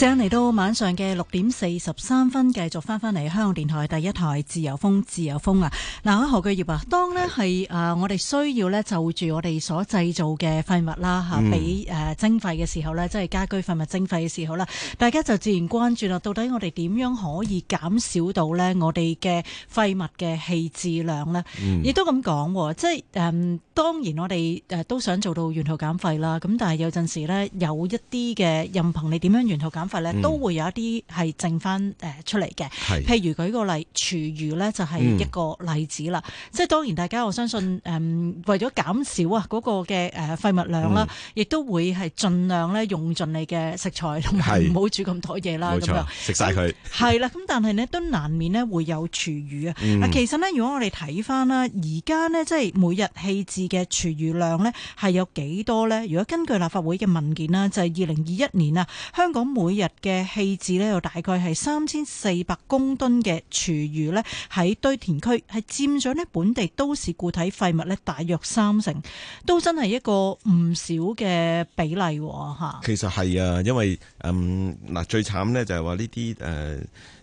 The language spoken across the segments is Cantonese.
正嚟到晚上嘅六點四十三分，繼續翻翻嚟香港電台第一台《自由風》，自由風啊！嗱，何巨業啊，當咧係誒我哋需要咧就住我哋所製造嘅廢物啦吓，俾誒徵費嘅時候咧，即係家居廢物徵費嘅時候啦，大家就自然關注啦，到底我哋點樣可以減少到咧我哋嘅廢物嘅棄置量咧？亦、嗯、都咁講，即係誒、呃、當然我哋誒都想做到源頭減廢啦，咁但係有陣時咧有一啲嘅任憑你點樣源頭減。嗯、都會有一啲係剩翻誒出嚟嘅，是譬如舉個例廚餘咧就係一個例子啦。即係、嗯、當然大家我相信誒、嗯，為咗減少啊嗰個嘅誒廢物量啦，亦、嗯、都會係盡量咧用盡你嘅食材，同埋唔好煮咁多嘢啦咁啊，食晒佢係啦。咁樣但係呢，都難免咧會有廚餘啊。嗱、嗯，其實呢，如果我哋睇翻啦，而家呢，即係每日棄置嘅廚餘量呢，係有幾多呢？如果根據立法會嘅文件啦，就係二零二一年啊，香港每日日嘅棄置呢，又大概係三千四百公噸嘅廚餘呢。喺堆填區係佔咗咧本地都市固體廢物呢，大約三成，都真係一個唔少嘅比例吓。其實係啊，因為嗯嗱，最慘呢，呃、就係話呢啲誒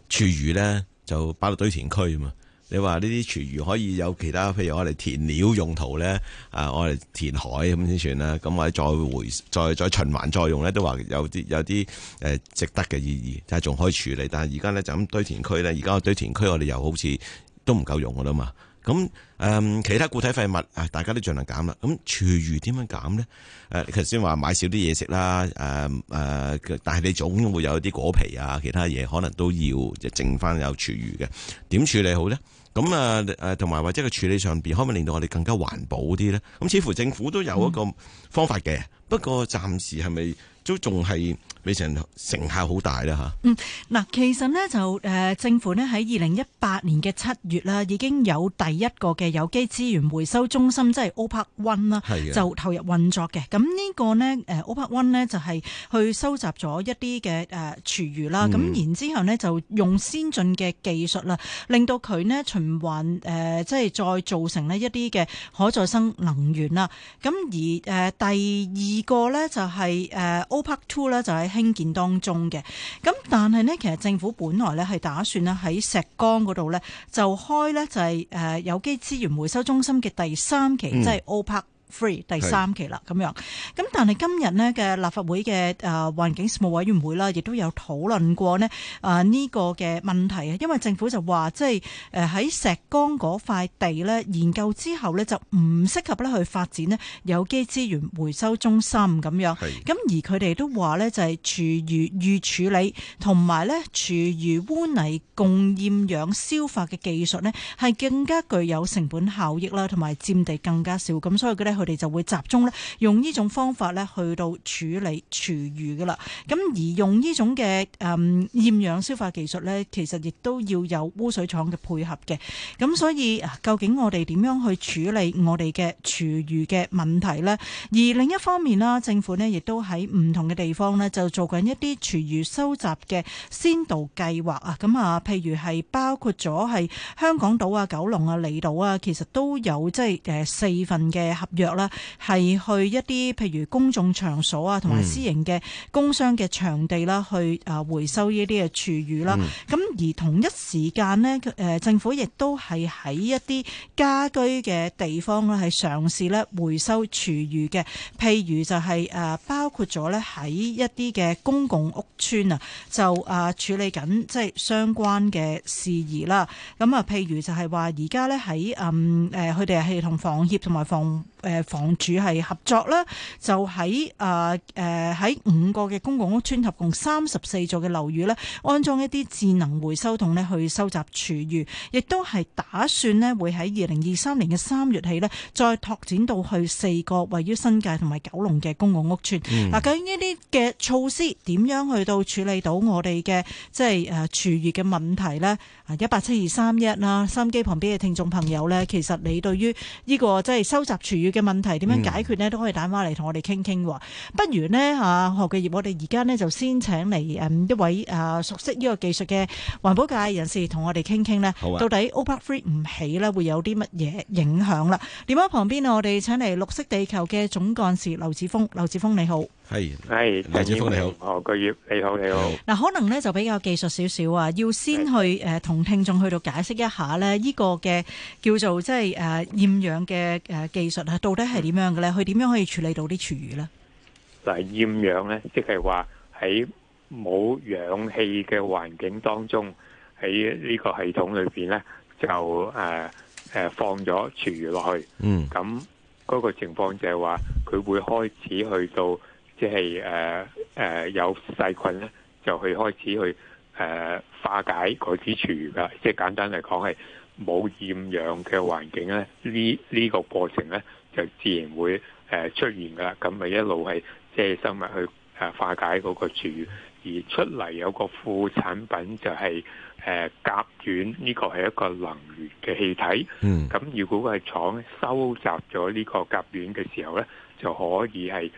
廚餘呢就擺落堆填區啊嘛。你話呢啲廚餘可以有其他，譬如我哋填料用途咧，啊，我哋填海咁先算啦。咁我再回再再循環再用咧，都話有啲有啲誒值得嘅意義，但係仲可以處理。但係而家咧就咁堆填區咧，而家堆填區我哋又好似都唔夠用噶啦嘛。咁誒、呃，其他固體廢物啊，大家都盡量減啦。咁廚餘點樣減咧？誒、呃，頭先話買少啲嘢食啦，誒、呃、誒、呃，但係你總會有啲果皮啊，其他嘢可能都要就剩翻有廚餘嘅，點處理好咧？咁啊，誒同埋或者個處理上邊可唔可以令到我哋更加環保啲咧？咁似乎政府都有一個方法嘅，嗯、不過暫時係咪都仲係。成，成效好大啦嚇！啊、嗯，嗱，其實咧就誒、呃、政府咧喺二零一八年嘅七月啦，已經有第一個嘅有機資源回收中心，即係 O. Park 1啦，是的、就投入運作嘅。咁呢個呢誒 O. Park 1咧就係、是、去收集咗一啲嘅誒廚餘啦，咁、嗯、然之後呢，就用先進嘅技術啦，令到佢咧循環誒、呃，即係再造成咧一啲嘅可再生能源啦。咁、啊、而誒、呃、第二個咧就係誒 O. Park 2咧就喺、是興建當中嘅，咁但係呢，其實政府本來呢係打算呢喺石崗嗰度呢就開呢，就係誒有機資源回收中心嘅第三期，即係 O Park。free 第三期啦，咁樣是，咁但係今日咧嘅立法會嘅誒環境事務委員會啦，亦都有討論過咧，啊、呃、呢、呢個嘅問題啊，因為政府就話即係誒喺石崗嗰塊地咧研究之後咧就唔適合咧去發展咧有機資源回收中心咁樣，咁是而佢哋都話咧就係廚餘預處理同埋咧廚餘污泥共厭氧消化嘅技術咧係更加具有成本效益啦，同埋佔地更加少，咁所以佢咧。佢哋就會集中咧，用呢種方法咧去到處理廚餘噶啦。咁而用呢種嘅誒厭氧消化技術咧，其實亦都要有污水廠嘅配合嘅。咁所以究竟我哋點樣去處理我哋嘅廚餘嘅問題咧？而另一方面啦，政府咧亦都喺唔同嘅地方咧，就做緊一啲廚餘收集嘅先導計劃啊。咁啊，譬如係包括咗係香港島啊、九龍啊、離島啊，其實都有即係誒、呃、四份嘅合約啦，係去一啲譬如公眾場所啊，同埋私營嘅工商嘅場地啦，去誒回收呢啲嘅廚餘啦。咁、mm. 而同一時間咧，誒政府亦都係喺一啲家居嘅地方咧，係嘗試咧回收廚餘嘅。譬如就係誒包括咗咧喺一啲嘅公共屋邨啊，就啊處理緊即係相關嘅事宜啦。咁啊，譬如就係話而家咧喺誒誒，佢哋係同房協同埋房誒。房主係合作啦，就喺誒誒喺五個嘅公，公共屋村，合共三十四座嘅樓宇呢，安裝一啲智能回收桶呢去收集廚餘，亦都係打算呢會喺二零二三年嘅三月起呢，再拓展到去四個位於新界同埋九龍嘅公共屋邨。嗱，究竟呢啲嘅措施點樣去到處理到我哋嘅即係誒廚餘嘅問題呢？一八七二三一啦，收音機旁邊嘅聽眾朋友呢，其實你對於呢、這個即係收集廚餘嘅問題點樣解決呢？都可以打電話嚟同我哋傾傾。不如呢，何繼業，我哋而家呢，就先請嚟誒一位熟悉呢個技術嘅環保界人士同我哋傾傾呢，啊、到底 O. Park 3唔起呢，會有啲乜嘢影響啦？電話旁邊我哋請嚟綠惜地球嘅總幹事劉祉鋒，劉祉鋒你好。係，係劉祉鋒你好，哦，巨宇你好，你好。嗱，可能咧就比較技術少少啊，要先去誒同聽眾去到解釋一下咧，呢個嘅叫做即係誒厭氧嘅誒技術啊，到底係點樣嘅咧？佢點樣可以處理到啲廚餘咧？嗱，厭氧咧，即係話喺冇氧氣嘅環境當中，喺呢個系統裏邊咧，就誒誒放咗廚餘落去，嗯，咁嗰個情況就係話佢會開始去到。即係誒誒有細菌咧，就去開始去誒化解嗰啲廚餘啦。即係簡單嚟講，係冇厭氧嘅環境咧，呢、呢、呢個過程咧就自然會誒出現噶啦。咁咪一路係即係生物去誒化解嗰個廚餘，而出嚟有個副產品就係誒甲烷，呢個係一個能源嘅氣體。嗯，咁如果係廠收集咗呢個甲烷嘅時候咧，就可以係。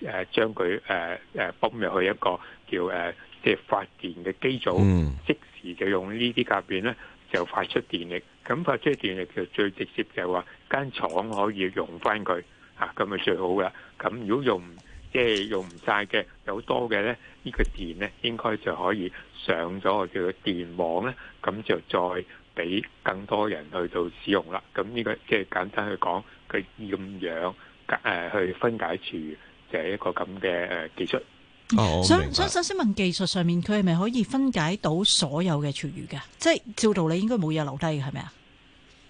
誒將佢誒誒泵入去一個叫誒即係發電嘅機組，即時就用呢啲甲烷咧就發出電力。咁發出電力就最直接就係話間廠可以用翻佢吓，咁咪最好㗎。咁如果用即係用唔晒嘅，有多嘅咧，呢個電咧應該就可以上咗個叫做電網咧，咁就再俾更多人去做使用啦。咁呢個即係簡單去講佢厭氧誒去分解處。嘅一個咁嘅誒技術。哦、想想首先問技術上面，佢係咪可以分解到所有嘅廚餘嘅？即係照道理應該冇嘢留低嘅，係咪啊？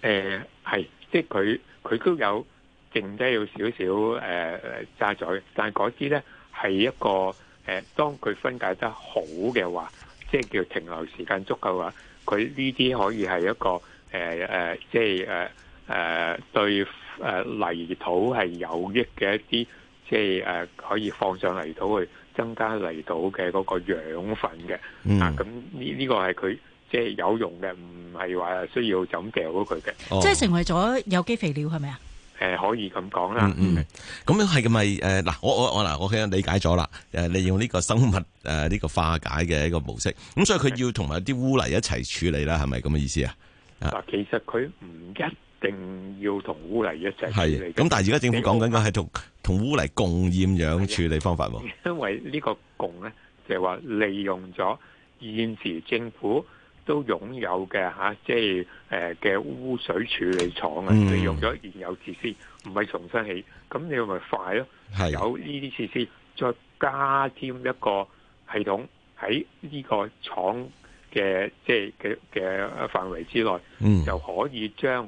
誒係、呃，即係佢佢都有剩低有少少誒誒渣滓，但係嗰啲咧係一個誒、呃，當佢分解得好嘅話，即係叫停留時間足夠話，佢呢啲可以係一個誒誒、呃，即係誒誒對誒、呃、泥土係有益嘅一啲。即係誒，可以放上泥土去增加泥土嘅嗰個養分嘅。啊，咁呢呢個係佢即係有用嘅，唔係話需要就咁掉咗佢嘅。即係成為咗有機肥料係咪啊？誒，可以咁講啦。嗯嗯。咁樣係咪誒嗱？我我我嗱，我嘅理解咗啦。誒，利用呢個生物誒呢個化解嘅一個模式。咁所以佢要同埋啲污泥一齊處理啦，係咪咁嘅意思啊？啊，其實佢唔一定要同污泥一齊處理。係。咁但係而家政府講緊嘅係同。同污泥共厭氧處理方法喎，因為呢個共呢就係話利用咗現時政府都擁有嘅嚇，即係誒嘅污水處理廠啊，利用咗現有設施，唔係重新起，咁你咪快咯。係，有呢啲設施，再加添一個系統喺呢個廠嘅即係嘅嘅範圍之內，就可以將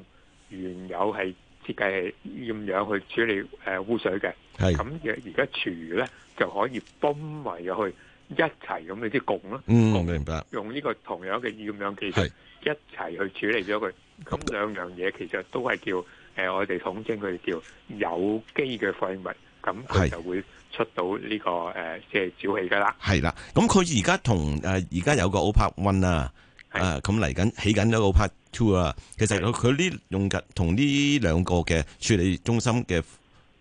原有係。設計係厭氧去處理誒污、呃、水嘅，係咁而而家廚餘咧就可以泵埋咗去一齊咁去啲共咯，嗯，我明白。用呢個同樣嘅厭氧技術一齊去處理咗佢，咁兩樣嘢其實都係叫誒、呃，我哋統稱佢叫有機嘅廢物，咁佢就會出到呢、這個誒，即係沼氣噶啦。係啦、呃，咁佢而家同誒，而家、呃、有個 O·Park 1啊。啊，咁嚟緊起緊呢個 O Park 2啊，其實佢呢用緊同呢兩個嘅處理中心嘅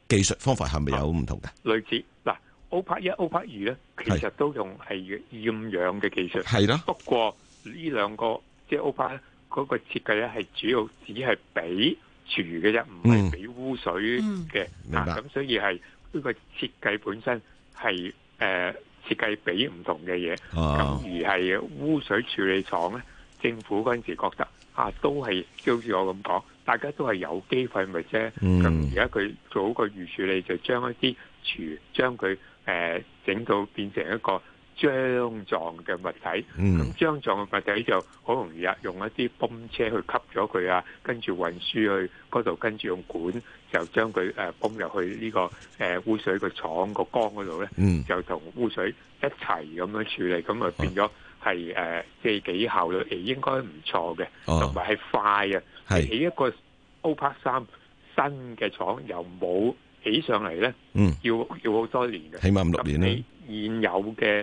技術方法係咪有唔同嘅？類似嗱，O Park 一 O Park 二咧，其實都用係厭氧嘅技術，係咯。不過呢兩個即係 O Park 嗰個設計咧，係主要只係俾廚餘嘅啫，唔係俾污水嘅。明白。咁所以係呢個設計本身係誒。設計俾唔同嘅嘢咁，oh. 而係污水處理廠咧，政府嗰陣時覺得嚇、啊、都係，即係好似我咁講，大家都係有機廢物啫。咁而家佢做好個預處理，就將一啲廚將佢誒整到變成一個。漿狀嘅物體，咁漿狀嘅物體就好容易啊，用一啲泵車去吸咗佢啊，跟住運輸去嗰度，跟住用管就將佢誒泵入去呢個誒污水嘅廠個缸嗰度咧，就同污水一齊咁樣處理，咁啊變咗係誒即係幾效率應該唔錯嘅，同埋係快啊，起一個 O. Park 3新嘅廠又冇起上嚟咧，嗯，要要好多年嘅，起碼五六年咧。你現有嘅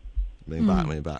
明白，嗯、明白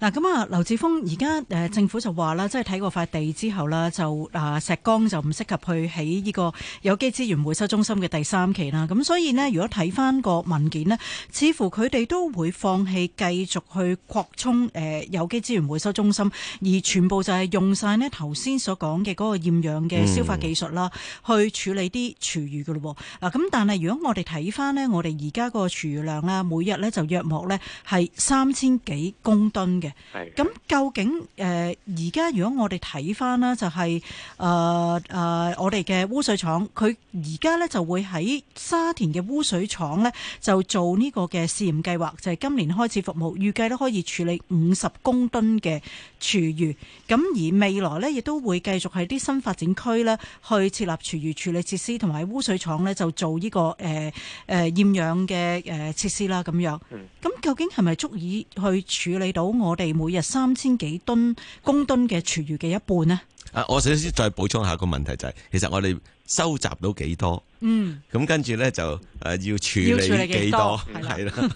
嗱咁啊，劉祉鋒而家誒政府就話啦，即係睇過塊地之後啦，就啊石崗就唔適合去起呢個有機資源回收中心嘅第三期啦。咁所以咧，如果睇翻個文件咧，似乎佢哋都會放棄繼續去擴充誒有機資源回收中心，而全部就係用晒咧頭先所講嘅嗰個厭氧嘅消化技術啦，嗯、去處理啲廚餘嘅喎。嗱、啊、咁，但係如果我哋睇翻咧，我哋而家個廚餘量啦，每日咧就約莫咧係三千。幾公噸嘅，咁究竟誒而家如果我哋睇翻啦，就係誒誒我哋嘅污水廠，佢而家咧就會喺沙田嘅污水廠咧就做呢個嘅試驗計劃，就係今年開始服務，預計咧可以處理五十公噸嘅廚餘。咁而未來咧亦都會繼續喺啲新發展區咧去設立廚餘處理設施，同埋污水廠咧就做呢個誒誒厭氧嘅誒設施啦。咁樣，咁究竟係咪足以？去處理到我哋每日三千幾噸公噸嘅廚餘嘅一半咧？啊，我首先再補充下個問題就係，其實我哋收集到幾多？嗯，咁跟住咧就誒要處理幾多？係啦，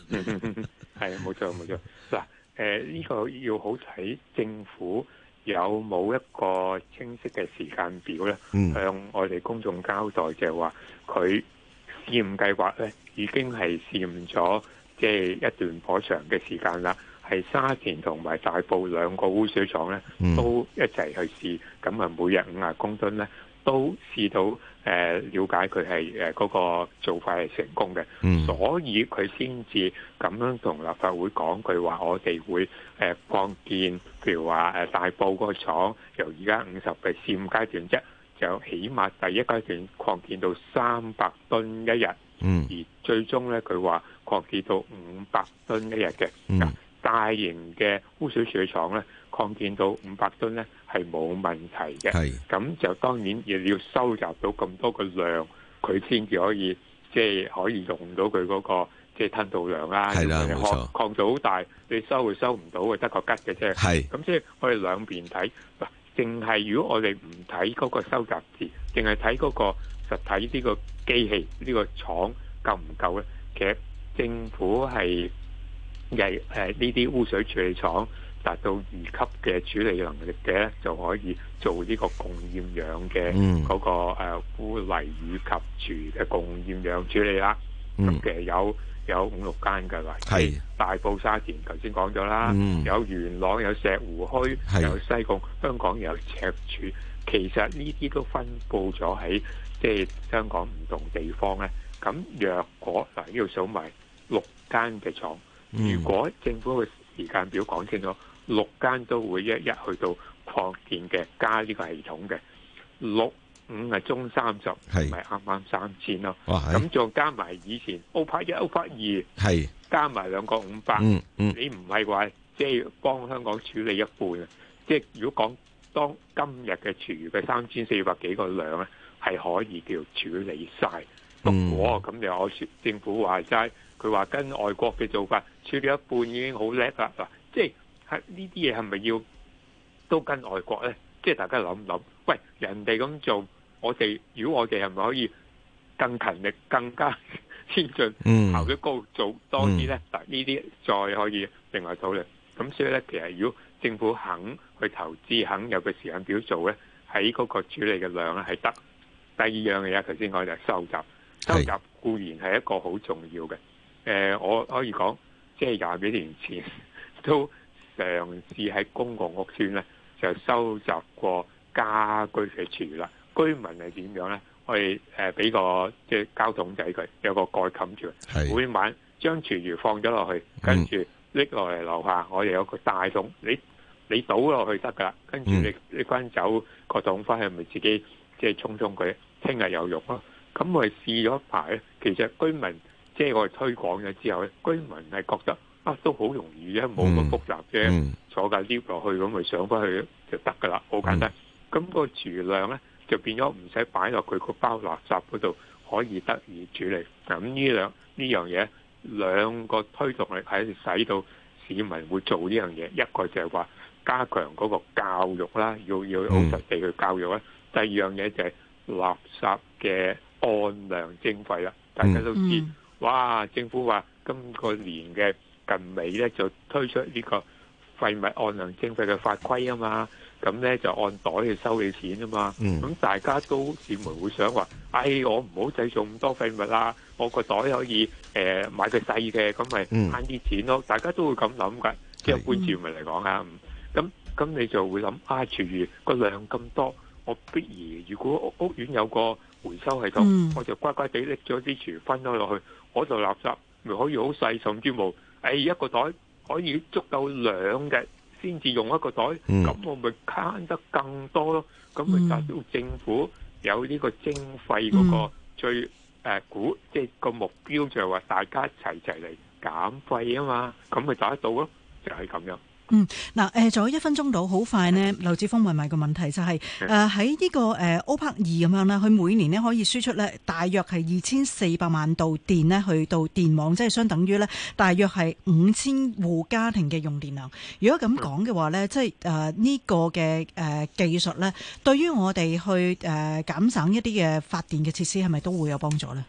係啊，冇錯冇錯。嗱誒，呢個要好睇政府有冇一個清晰嘅時間表咧，向我哋公眾交代就係話佢試驗計劃咧已經係試驗咗。即係一段頗長嘅時間啦，係沙田同埋大埔兩個污水廠咧，都一齊去試，咁啊每日五十公噸咧，都試到誒瞭解佢係誒嗰個做法係成功嘅，所以佢先至咁樣同立法會講，佢話，我哋會誒擴建，譬如話誒大埔個廠由而家五十嘅試驗階段啫，就起碼第一階段擴建到三百噸一日。嗯，而最終咧，佢話擴建到五百噸一日嘅，嗱，大型嘅污水處理廠咧擴建到五百噸咧係冇問題嘅。係，咁就當然亦要收集到咁多個量，佢先至可以即係可以用到佢嗰個即係吞吐量啦。係啦，冇錯。擴到好大，你收會收唔到嘅，得個吉嘅啫。係。咁即係我哋兩邊睇，嗱，淨係如果我哋唔睇嗰個收集量，淨係睇嗰個。實體、這個、呢個機器呢個廠夠唔夠咧？其實政府係係誒呢啲污水處理廠達到二級嘅處理能力嘅，就可以做呢個共厭氧嘅嗰個、呃、污泥以及廚嘅共厭氧處理啦。咁、嗯、其實有有五六間嘅啦，係是大埔沙田頭先講咗啦，嗯、有元朗有石湖墟，有西貢是香港有赤柱，其實呢啲都分布咗喺。即係香港唔同地方咧，咁若果嗱，呢度數埋六間嘅廠，嗯、如果政府嘅時間表講清楚，六間都會一一去到擴建嘅，加呢個系統嘅六五係中三十是，係咪啱啱三千咯？咁再加埋以前 O Park 1、O Park 2< 是>，係加埋兩個五百、嗯，嗯、你唔係話即係幫香港處理一半啊？即係如果講當今日嘅廚餘嘅三千四百幾個量咧。係可以叫處理晒。不過咁你話，我政府話齋，佢話跟外國嘅做法處理一半已經好叻啦。嗱，即係呢啲嘢係咪要都跟外國咧？即係大家諗一諗，喂，人哋咁做，我哋如果我哋係咪可以更勤力、更加先進、效率、嗯、高、做多啲咧？嗱、嗯，呢啲再可以另外討論。咁所以咧，其實如果政府肯去投資、肯有個時間表做咧，喺嗰個處理嘅量係得。第二樣嘢，頭先講就係收集，收集固然係一個好重要嘅是、呃。我可以講，即係廿幾年前都嘗試喺公共屋邨咧，就收集過家居嘅廚餘啦。居民係點樣咧？我哋誒俾個即係膠桶仔佢，有個蓋冚住，是每晚將廚餘放咗落去，跟住拎落嚟樓下，我哋有個大桶，你你倒落去得噶啦，跟住你你拎走、嗯、個桶翻去咪自己。即係沖沖佢，聽日有用咯。咁我哋試咗一排咧，其實居民即係我哋推廣咗之後咧，居民係覺得啊都好容易啫，冇咁複雜啫，坐架 lift 落去，咁咪上翻去就得噶啦，好簡單。咁個餘量咧就變咗唔使擺落佢個包垃圾嗰度，可以得以處理。咁呢兩呢樣嘢兩個推動力係使到市民會做呢樣嘢，一個就係話加強嗰個教育啦，要要好實地去教育咧。第二樣嘢就係垃圾嘅按量徵費啦。大家都知，哇，政府話今個年嘅近尾咧就推出呢個廢物按量徵費嘅法規啊嘛，咁咧就按袋去收你錢啊嘛。咁大家都市民會想話，哎，我唔好製造咁多廢物啦，我個袋可以誒買個細嘅，咁咪慳啲錢咯。大家都會咁諗㗎，一般市民嚟講啊。咁咁你就會諗啊，廚餘個量咁多。我必如如果屋屋苑有個回收系統、嗯、我就乖乖地拎咗啲廚餘分咗落去。我就垃圾咪可以好細，甚至冇。誒、哎、一個袋可以足夠兩日，先至用一個袋。咁、嗯、我咪慳得更多咯。咁咪達到政府、嗯、有呢個徵費嗰個、嗯、最誒、呃、估，即係個目標就係話大家一齊齊嚟減費啊嘛。咁咪打得到咯，就係、是、咁樣。嗯，嗱、呃，誒，仲有一分鐘到，好快呢，劉祉鋒問埋個問題就係誒喺呢個誒、呃、O‧PARK 二咁樣呢，佢每年咧可以輸出咧大約係二千四百萬度電呢，去到電網，即、就、係、是、相等於咧大約係五千戶家庭嘅用電量。如果咁講嘅話咧，嗯、即係誒呢個嘅誒、呃、技術咧，對於我哋去誒、呃、減省一啲嘅發電嘅設施，係咪都會有幫助呢？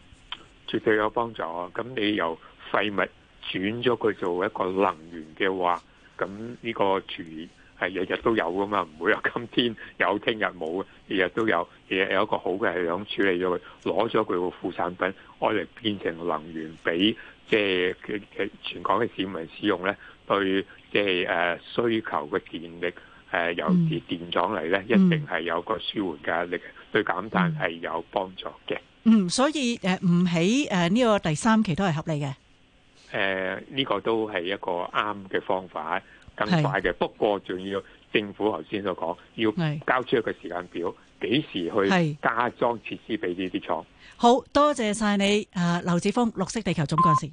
絕對有幫助啊！咁你由廢物轉咗佢做一個能源嘅話。咁呢個廚餘係日日都有㗎嘛，唔會話今天有聽日冇，日日都有。日日有一個好嘅係咁處理咗佢，攞咗佢個副產品，我哋變成能源，俾即係嘅全港嘅市民使用咧。對，即係需求嘅電力誒有啲電裝嚟咧，一定係有個舒緩嘅壓力，對減碳係有幫助嘅。嗯，所以唔喺呢個第三期都係合理嘅。誒，呢、呃，這個都係一個啱嘅方法，更快嘅。是不過仲要政府頭先所講，要交出一個時間表，幾時去加裝設施俾呢啲廠。好多謝晒你，誒、呃，劉祉鋒，綠惜地球總幹事。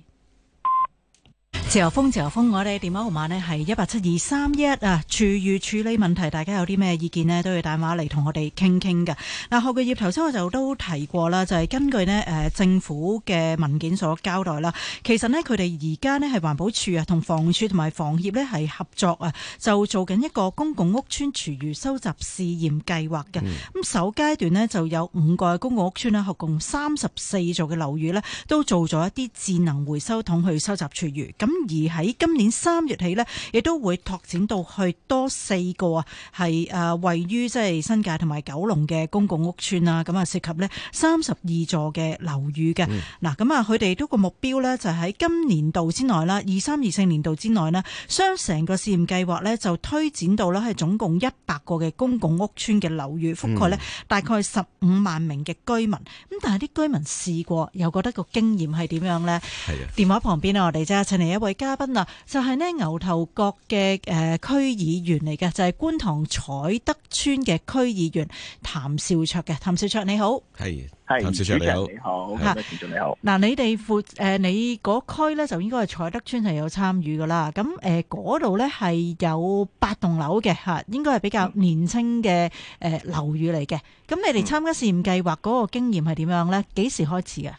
自由風，自由風，我哋電話號碼呢係一八七二三一啊！廚餘處理問題，大家有啲咩意見呢？都要打電話嚟同我哋傾傾㗎。嗱、啊，何個業，頭先我就都提過啦，就係、是、根據呢、呃、政府嘅文件所交代啦，其實呢，佢哋而家呢係環保署啊、同房署同埋房協呢係合作啊，就做緊一個公共屋邨廚餘收集試驗計劃嘅。咁、嗯、首階段呢就有五個公共屋邨啦，合共三十四座嘅樓宇呢，都做咗一啲智能回收桶去收集廚餘。咁而喺今年三月起咧，亦都會拓展到去多四個啊，係誒位於即係新界同埋九龍嘅公共屋邨啊，咁啊涉及咧三十二座嘅樓宇嘅。嗱、嗯，咁啊佢哋都個目標咧，就喺今年度之內啦，二三二四年度之內咧，將成個試驗計劃咧就推展到咧係總共一百個嘅公共屋邨嘅樓宇，覆蓋咧大概十五萬名嘅居民。咁但係啲居民試過又覺得個經驗係點樣咧？係啊電話旁邊啊，我哋即刻，請嚟一位。嘉賓就係、是、呢牛頭角嘅誒區議員嚟嘅，就係、是、觀塘彩德邨嘅區議員譚肇卓嘅。譚肇卓你好，係，係主持人你好，吓，主持人你好。嗱是，你哋闊誒，你嗰區咧就應該係彩德邨係有參與噶啦。咁誒，嗰度咧係有八棟樓嘅吓，應該係比較年青嘅誒樓宇嚟嘅。咁你哋參加試驗計劃嗰個經驗係點樣咧？幾時開始嘅？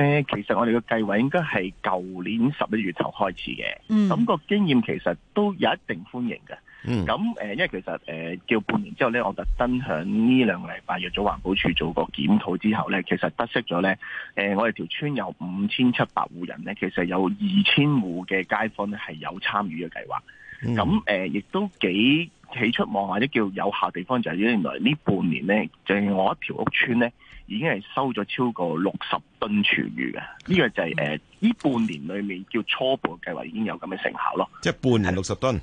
誒、呃，其實我哋嘅計劃應該係舊年十一月頭開始嘅，咁、嗯、個經驗其實都有一定歡迎嘅。咁誒、嗯呃，因為其實誒、呃、叫半年之後咧，我特登喺呢兩個禮拜約咗環保署做個檢討之後咧，其實得悉咗咧，誒、呃、我哋條村有五千七百戶人咧，其實有二千戶嘅街坊咧係有參與嘅計劃。咁誒、嗯呃，亦都幾喜出望外，或者叫有效地方就係原來呢半年咧，就我一條屋村咧。已經係收咗超過六十噸廚餘嘅，呢個就係誒，呢半年裏面叫初步嘅計劃已經有咁嘅成效咯。即係半年六十噸，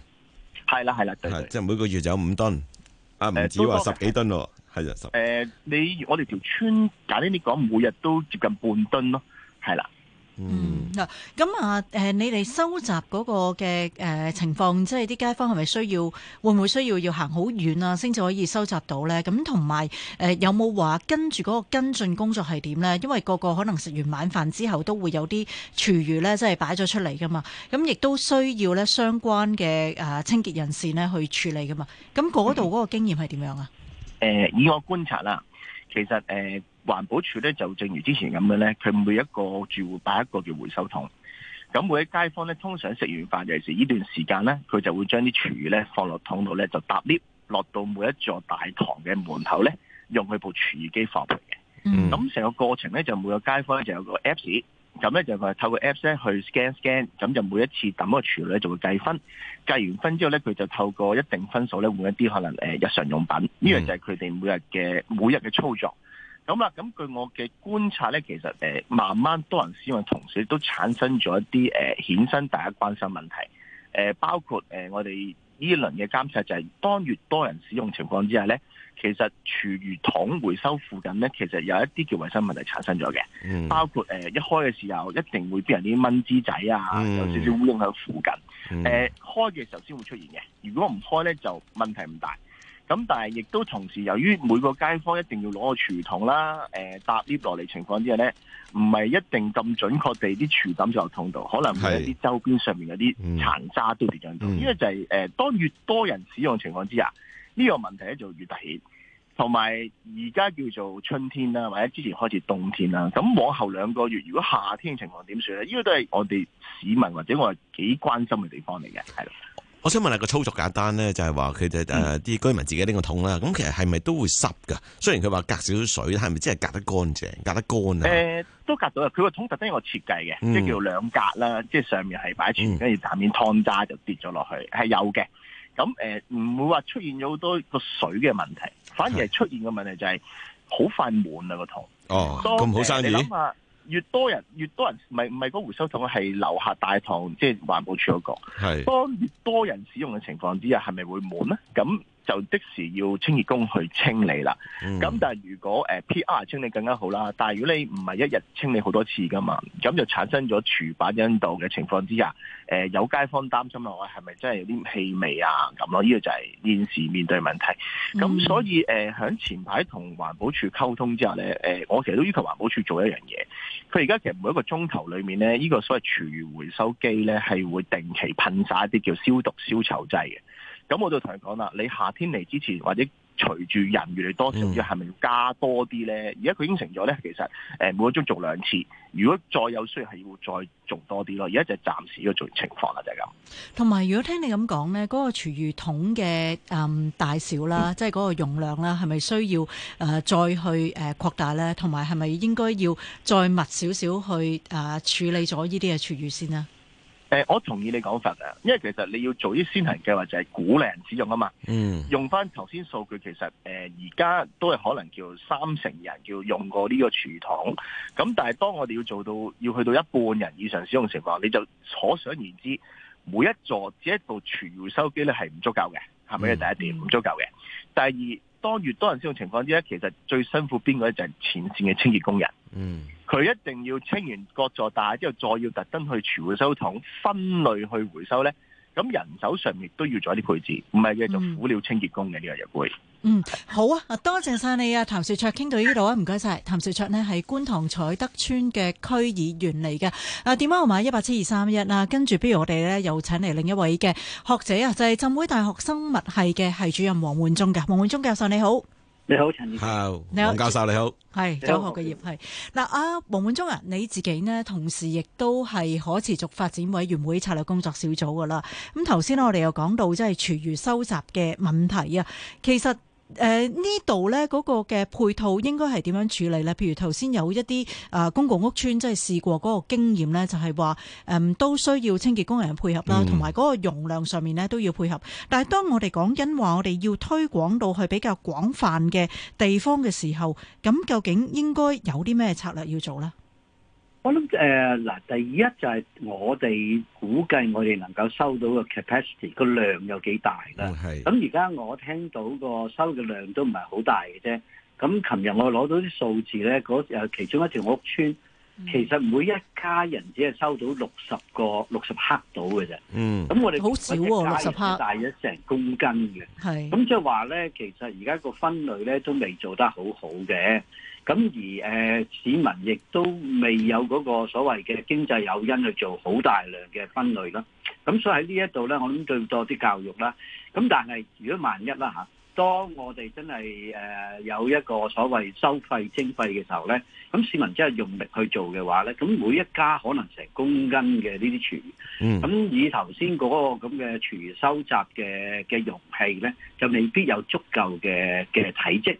係啦係啦，即係每個月就有五噸，啊唔止話十幾噸咯，係啦，誒你我哋條村簡單啲講，每日都接近半噸咯，係啦。嗯嗱，咁啊，誒，你哋收集嗰個嘅誒情況，即係啲街坊係咪需要，會唔會需要要行好遠啊，先至可以收集到咧？咁同埋誒，有冇話跟住嗰個跟進工作係點咧？因為個個可能食完晚飯之後都會有啲廚餘咧，即係擺咗出嚟噶嘛，咁亦都需要咧相關嘅誒清潔人士咧去處理噶嘛。咁嗰度嗰個經驗係點樣啊？誒、呃，以我觀察啦，其實誒。呃環保署咧就正如之前咁樣咧，佢每一個住戶擺一個叫回收桶。咁每一街坊咧，通常食完飯尤其是呢段時間咧，佢就會將啲廚餘咧放落桶度咧，就搭 lift 落到每一座大堂嘅門口咧，用佢部廚餘機放落去嘅。咁成，嗯、個過程咧，就每個街坊咧就有個 apps，咁咧就透過 apps 咧去 scan scan，咁就每一次抌個廚餘咧就會計分，計完分之後咧，佢就透過一定分數咧換一啲可能誒日常用品。呢樣就係佢哋每日嘅每日嘅操作。咁啦，咁據我嘅觀察咧，其實誒，慢慢多人使用同時，都產生咗一啲誒、呃，衍生大家關心問題。誒、呃，包括誒、呃，我哋呢一輪嘅監察、就是，就係當越多人使用情況之下咧，其實廚餘桶回收附近咧，其實有一啲叫衛生問題產生咗嘅。嗯、包括誒、呃，一開嘅時候，一定會俾人啲蚊滋仔啊，嗯、有少少烏蠅喺附近。誒、嗯呃，開嘅時候先會出現嘅，如果唔開咧，就問題唔大。咁但係亦都同時，由於每個街坊一定要攞個廚桶啦，誒、呃、搭啲落嚟情況之下咧，唔係一定咁準確地啲廚抌咗落桶度，可能係一啲周邊上面嗰啲殘渣都跌咗喺度。呢、嗯、因為就係、是、誒、呃，當越多人使用情況之下，呢、個問題咧就越凸顯。同埋而家叫做春天啦，或者之前開始冬天啦，咁往後兩個月，如果夏天嘅情況點算咧？呢個都係我哋市民或者我係幾關心嘅地方嚟嘅。我想問下個操作簡單咧，就係話佢哋誒啲居民自己拎個桶啦。咁其實係咪都會濕噶？雖然佢話隔少少水，係咪真係隔得乾淨，隔得乾啊？誒、呃，都隔到啊！佢個桶特登有個設計嘅、嗯，即係叫兩格啦，即係上面係擺住，跟住下面湯渣就跌咗落去，係有嘅。咁誒，唔、呃、會話出現咗好多個水嘅問題，反而係出現嘅問題就係、是、好是快滿啊個桶。哦，咁好當生意。呃越多人越多人，唔係唔係嗰回收桶係樓下大堂，即係環保處嗰個，是當越多人使用嘅情況之下，係咪會滿咧？咁。就的時要清潔工去清理啦。咁、嗯、但係如果 P R 清理更加好啦。但係如果你唔係一日清理好多次噶嘛，咁就產生咗廚板陰道嘅情況之下、呃，有街坊擔心我係咪真係有啲氣味啊？咁咯，呢個就係現時面對問題。咁所以喺、呃、前排同環保署溝通之後咧、呃，我其實都要求環保署做一樣嘢。佢而家其實每一個鐘頭裏面咧，呢、呢個所謂廚餘回收機咧係會定期噴灑一啲叫消毒消臭劑嘅。咁我就同佢講啦，你夏天嚟之前或者隨住人越嚟多少，仲要係咪要加多啲咧？而家佢應承咗咧，其實每個鐘做兩次，如果再有需要係要再做多啲咯。而家就係暫時呢個做情況啦，就係、是、咁。同埋如果聽你咁講咧，嗰、那個廚餘桶嘅、嗯、大小啦，嗯、即係嗰個容量啦，係咪需要、呃、再去誒、呃、擴大咧？同埋係咪應該要再密少少去誒、呃、處理咗呢啲嘅廚餘先咧？誒、呃，我同意你講法啊，因為其實你要做啲先行計劃就係鼓勵人使用啊嘛。嗯。Mm. 用翻頭先數據，其實誒而家都係可能叫三成人叫用過呢個廚桶，咁但係當我哋要做到要去到一半人以上使用情況，你就可想而知，每一座只一部廚餘回收機咧係唔足夠嘅，係咪、mm. 第一點唔足夠嘅。第二，當越多人使用情況之下，其實最辛苦邊個咧就係前線嘅清潔工人。嗯。Mm. 佢一定要清完各座大，大之後再要特登去廚餘回收桶分類去回收呢。咁人手上面都要做一啲配置，唔係嘅做苦料。清潔工嘅呢個入會。嗯，是嗯，好啊，多謝晒你啊，譚肇卓傾到呢度啊，唔該晒。譚肇卓呢係觀塘彩德邨嘅區議員嚟嘅，啊電話號碼一八七二三一啦，跟住、啊、不如我哋呢又請嚟另一位嘅學者啊，就係、是、浸會大學生物系嘅系主任黃煥忠嘅，黃煥忠教授你好。你好，陳 Hello, 教授你好，係中學嘅業係。嗱是，阿黃煥忠啊，你自己呢？同時亦都係可持續發展委員會策略工作小組噶啦。咁頭先我哋又講到即係廚餘收集嘅問題啊，其實。誒呢度呢嗰個嘅配套應該係點樣處理呢？譬如頭先有一啲啊公共屋邨即係試過嗰個經驗呢，就係話誒都需要清潔工人配合啦，同埋嗰個容量上面呢都要配合。但係當我哋講緊話我哋要推廣到去比較廣泛嘅地方嘅時候，咁究竟應該有啲咩策略要做呢？我諗誒，嗱、呃，第一就係我哋估計我哋能夠收到嘅 capacity 個量有幾大啦。咁而家我聽到個收嘅量都唔係好大嘅啫。咁琴日我攞到啲數字咧，嗰誒其中一條屋邨，其實每一家人只係收到六十個六十克到嘅啫，嗯，咁我哋好少喎，六十克大咗成公斤嘅，係、啊，咁即係話咧，其實而家個分類咧都未做得好好嘅，咁而誒、呃、市民亦都未有嗰個所謂嘅經濟誘因去做好大量嘅分類咯，咁所以喺呢一度咧，我諗最多啲教育啦，咁但係如果萬一啦吓。當我哋真係誒有一個所謂收費徵費嘅時候咧，咁市民真係用力去做嘅話咧，咁每一家可能成公斤嘅呢啲廚餘，咁以頭先嗰個咁嘅廚餘收集嘅嘅容器咧，就未必有足夠嘅嘅體積。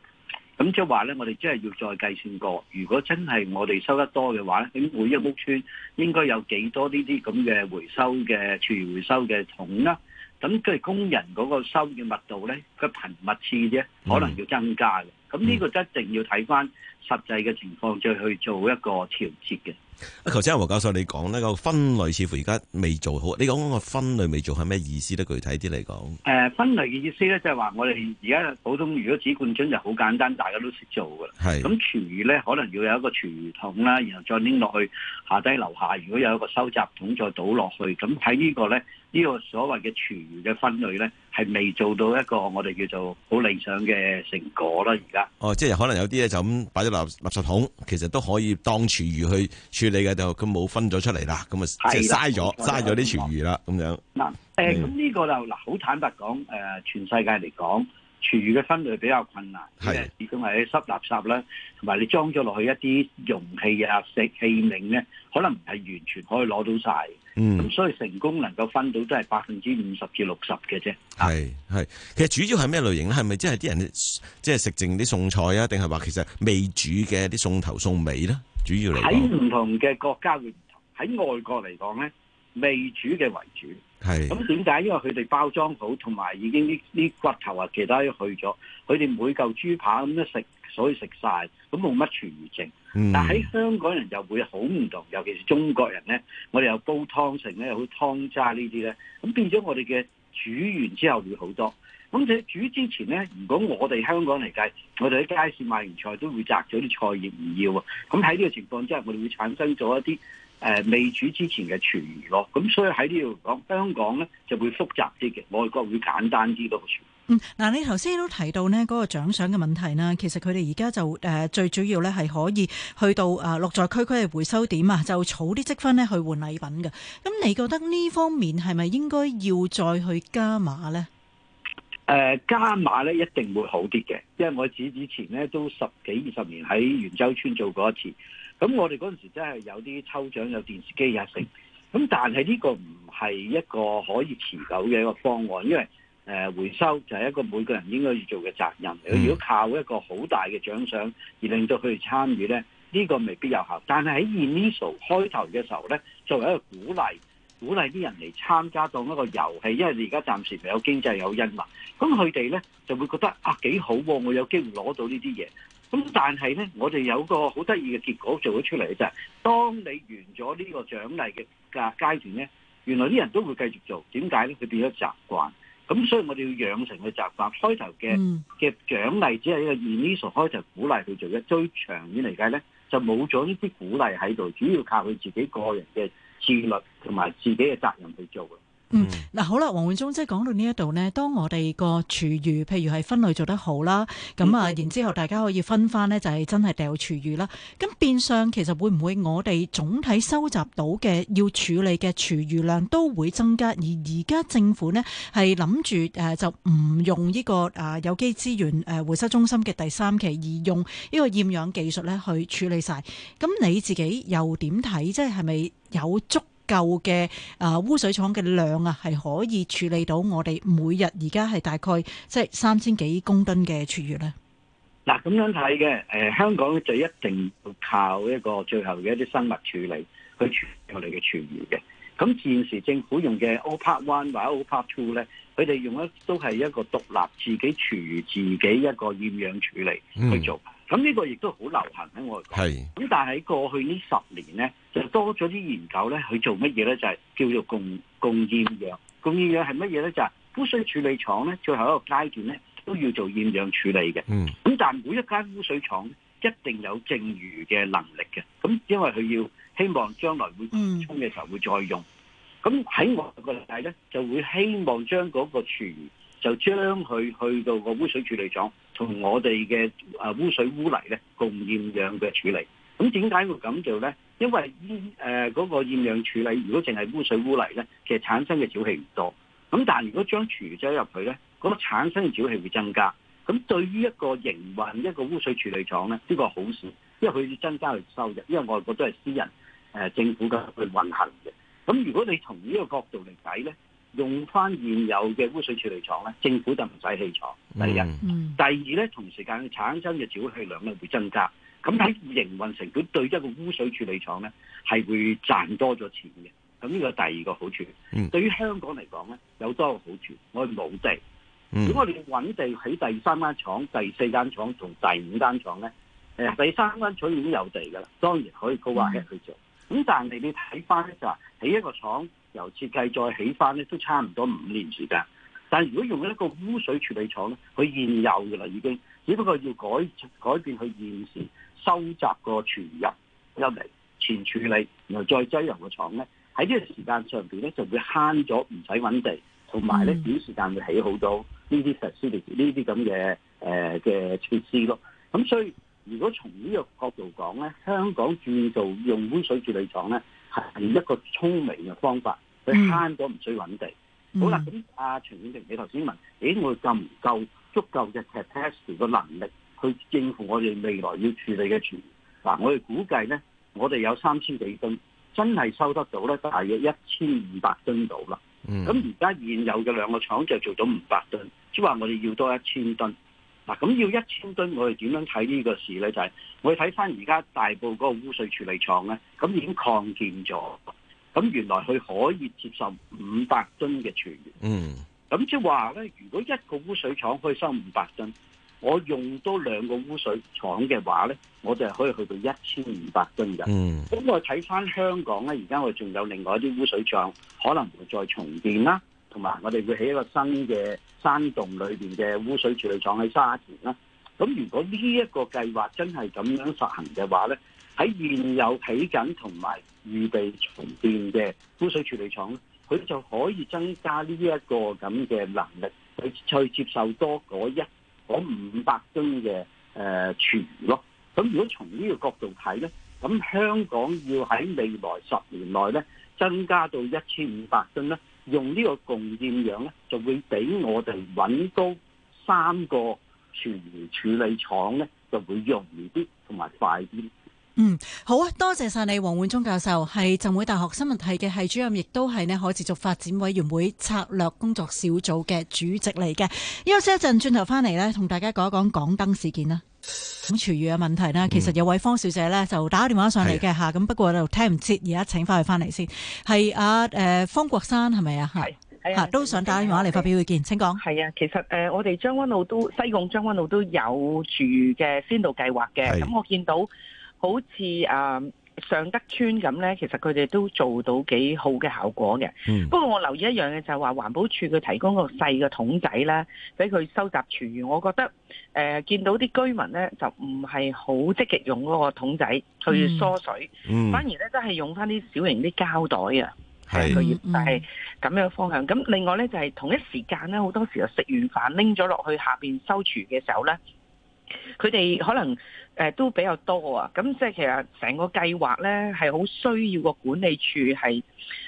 咁即係話咧，我哋真係要再計算過，如果真係我哋收得多嘅話咧，咁每一屋邨應該有幾多呢啲咁嘅回收嘅廚餘回收嘅桶啦。咁佢係工人嗰個收嘅密度咧，佢頻密次啫，可能要增加嘅。咁呢個一定要睇翻實際嘅情況，再去做一個調節嘅。啊，頭先阿黃教授你講呢個分類似乎而家未做好，你講個分類未做係咩意思咧？具體啲嚟講，誒，分類嘅意思咧，就係話我哋而家普通如果紙罐樽就好簡單，大家都識做噶啦。係咁廚餘咧，可能要有一個廚餘桶啦，然後再拎落去下低樓下。如果有一個收集桶再倒落去，咁睇呢個咧呢個所謂嘅廚餘嘅分類咧，係未做到一個我哋叫做好理想嘅成果啦。而家哦，即係可能有啲咧就咁擺咗垃垃圾桶，其實都可以當廚餘去。嚟嘅，就佢冇分咗出嚟啦，咁啊即嘥咗嘥咗啲廚餘啦，咁樣。嗱、呃、誒、咁呢個就嗱，好坦白講，誒、呃、全世界嚟講，廚餘嘅分類比較困難，係是，始終係濕垃圾啦，同埋你裝咗落去一啲容器嘅啊、食器皿咧，可能唔係完全可以攞到晒，咁、嗯、所以成功能夠分到都係百分之五十至六十嘅啫。係係是、啊，其實主要係咩類型咧？係咪即係啲人即係食剩啲餸菜啊？定係話其實未煮嘅啲餸頭餸尾咧？喺唔同嘅國家會唔同，喺外國嚟講咧，未煮嘅為主，係咁點解？因為佢哋包裝好，同埋已經呢啲骨頭啊、其他啲去咗，佢哋每嚿豬扒咁樣食，所以食晒，咁冇乜廚餘剩。嗯、但喺香港人就會好唔同，尤其是中國人咧，我哋有煲湯成咧，有湯渣呢啲咧，咁變咗我哋嘅煮完之後會好多。咁就煮之前咧，如果我哋香港嚟計，我哋喺街市買完菜都會摘咗啲菜葉唔要啊。咁喺呢個情況之下，我哋會產生咗一啲誒、呃、未煮之前嘅廚餘咯。咁所以喺呢度講香港咧就會複雜啲嘅，外國會簡單啲咯。嗯嗱，你頭先都提到呢個獎賞嘅問題啦，其實佢哋而家就誒、呃、最主要咧係可以去到誒綠在區區嘅回收點啊，就儲啲積分咧去換禮品嘅。咁你覺得呢方面係咪應該要再去加碼咧？誒、呃、加碼咧一定會好啲嘅，因為我自己之前咧都十幾二十年喺元州村做過一次，咁我哋嗰陣時真係有啲抽獎有電視機入成。咁但係呢個唔係一個可以持久嘅一個方案，因為誒、呃、回收就係一個每個人應該要做嘅責任，如果靠一個好大嘅獎賞而令到佢哋參與咧，呢、這個未必有效。但係喺 Initial 開頭嘅時候咧，作為一個鼓勵。鼓勵啲人嚟參加當一個遊戲，因為你而家暫時未有經濟有因嘛。咁佢哋咧就會覺得啊幾好啊，我有機會攞到呢啲嘢。咁但係咧，我哋有個好得意嘅結果做咗出嚟就係、是，當你完咗呢個獎勵嘅階段咧，原來啲人都會繼續做。點解咧？佢變咗習慣。咁所以我哋要養成個習慣。開頭嘅嘅獎勵只係一個 initial，開頭鼓勵佢做嘅。最長遠嚟計咧，就冇咗呢啲鼓勵喺度，主要靠佢自己個人嘅。自律同埋自己嘅責任去做。嗯，嗱好啦，黃煥忠，即係講到呢一度呢，當我哋個廚餘，譬如係分類做得好啦，咁啊，然之後大家可以分翻呢，就係真係掉廚餘啦。咁變相其實會唔會我哋總體收集到嘅要處理嘅廚餘量都會增加？而而家政府呢，係諗住誒，就唔用呢個有機資源誒回收中心嘅第三期，而用呢個厭氧技術呢去處理晒。咁你自己又點睇？即係係咪有足？舊嘅啊污水廠嘅量啊，係可以處理到我哋每日而家係大概即係三千幾公噸嘅廚餘咧。嗱咁樣睇嘅，誒香港就一定要靠一個最後嘅一啲生物處理去處理我哋嘅廚餘嘅。咁現時政府用嘅 O. Park One 或者 O. Park Two 咧，佢哋用一都係一個獨立自己廚餘自己一個厭氧處理去做。嗯咁呢個亦都好流行喺外國，咁是但係喺過去呢十年咧，就多咗啲研究咧去做乜嘢咧？就係、是、叫做共共厭氧。共厭氧係乜嘢咧？就係、是、污水處理廠咧最後一個階段咧都要做厭氧處理嘅。咁、嗯、但係每一間污水廠咧一定有剩餘嘅能力嘅。咁因為佢要希望將來會沖嘅時候會再用。咁喺外國睇咧，就會希望將嗰個廚餘。就將佢去到個污水處理廠，同我哋嘅污水污泥咧共厭氧嘅處理。咁點解會咁做咧？因為呢誒嗰個厭氧處理，如果淨係污水污泥咧，其實產生嘅沼氣唔多。咁但係如果將廚餘入去咧，咁、嗰個、產生嘅沼氣會增加。咁對於一個營運一個污水處理廠咧，呢、呢個好事，因為佢要增加佢收入。因為外國都係私人政府嘅去運行嘅。咁如果你從呢個角度嚟睇咧，用翻現有嘅污水處理廠咧，政府就唔使起廠。第一，第二咧，同時間產生嘅沼氣量咧會增加。咁喺營運成本對一個污水處理廠咧係會賺多咗錢嘅。咁呢個係第二個好處，對於香港嚟講咧有多個好處。我哋冇地，如果我哋揾地喺第三間廠、第四間廠同第五間廠咧。誒，第三間廠已經有地噶啦，當然可以高挖起去做。咁但係你睇翻咧，就係喺一個廠。由設計再起翻咧，都差唔多五年時間。但如果用一個污水處理廠咧，佢現有嘅啦已經，只不過要改改變佢現時收集個存入入嚟前處理，然後再擠入個廠咧，喺呢個時間上邊咧就會慳咗，唔使揾地，同埋咧短時間會起好多呢啲設施呢啲咁嘅誒嘅設施咯。咁所以如果從呢個角度講咧，香港建造用污水處理廠咧係一個聰明嘅方法。佢慳咗唔需要揾地，好啦，咁阿、啊、徐建平，你頭先問，咦，我夠唔夠足夠嘅 capacity 嘅能力去應付我哋未來要處理嘅事？嗱、啊，我哋估計咧，我哋有三千幾噸，真係收得到咧，大約一千五百噸到啦。咁而家現有嘅兩個廠就做咗五百噸，即係話我哋要多一千噸。嗱、啊，咁要一千噸，我哋點樣睇呢個事咧？就係、是、我哋睇翻而家大埔嗰個污水處理廠咧，咁已經擴建咗。咁原來佢可以接受五百噸嘅廚餘。嗯，咁即係話咧，如果一個污水廠可以收五百噸，我用多兩個污水廠嘅話咧，我就係可以去到一千五百噸嘅。嗯，咁我睇翻香港咧，而家我仲有另外一啲污水廠可能會再重建啦，同埋我哋會起一個新嘅山洞裏邊嘅污水處理廠喺沙田啦。咁如果呢一個計劃真係咁樣實行嘅話咧，喺現有起緊同埋預備重建嘅污水處理廠，佢就可以增加呢一個咁嘅能力去去接受多嗰一五百噸嘅誒廚餘咯。咁如果從呢個角度睇咧，咁香港要喺未來十年內咧增加到一千五百噸咧，用呢個共佔養咧，就會俾我哋揾高三個廚餘處理廠咧，就會容易啲同埋快啲。嗯，好啊，多謝晒你，黃煥忠教授係浸會大學生物系嘅系主任，亦都係咧可持續發展委員會策略工作小組嘅主席嚟嘅。休息一陣，轉頭翻嚟呢同大家講一講港燈事件啦。咁廚餘嘅問題咧，其實有位方小姐呢就打個電話上嚟嘅吓，咁、啊、不過就聽唔切，而家請翻佢翻嚟先。係啊誒、呃，方國山係咪啊？係、啊、都想打電話嚟發表意見，是啊、請講說。係啊，其實誒、呃，我哋將軍澳都西貢將軍澳都有廚餘嘅先導計劃嘅，咁是我見到。好似誒、呃、尚德邨咁呢，其實佢哋都做到幾好嘅效果嘅。嗯、不過我留意一樣嘅就係話，環保署佢提供個細嘅桶仔啦，俾佢收集廚餘。我覺得誒、呃、見到啲居民呢，就唔係好積極用嗰個桶仔去疏水，嗯嗯、反而呢，都係用翻啲小型啲膠袋啊。係佢要但係咁樣嘅方向。咁另外呢，就係、是、同一時間呢，好多時候食完飯拎咗落去下面收廚嘅時候呢。佢哋可能誒都比較多啊，咁即係其實成個計劃咧係好需要個管理處係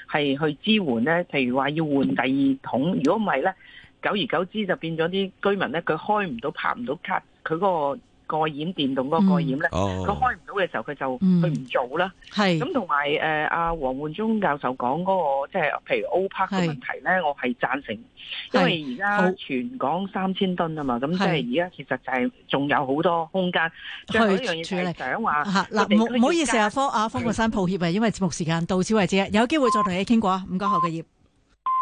係去支援咧，譬如話要換第二桶，如果唔係咧，久而久之就變咗啲居民咧，佢開唔到、拍唔到卡，佢嗰、嗰個動個染電同嗰個染咧，佢，嗯、開唔到嘅時候，佢就佢唔，嗯、做啦。係咁同埋誒，阿黃煥忠教授講嗰，嗰個即係譬如 O Park 嘅問題咧，是我係贊成，因為而家全港三千噸啊嘛，咁即係而家其實就係仲有好多空間將去處理。想話吓嗱，唔好意思啊，科阿方博士抱歉啊，因為節目時間到此為止，有機會再同你傾過啊。唔該，后嘅葉。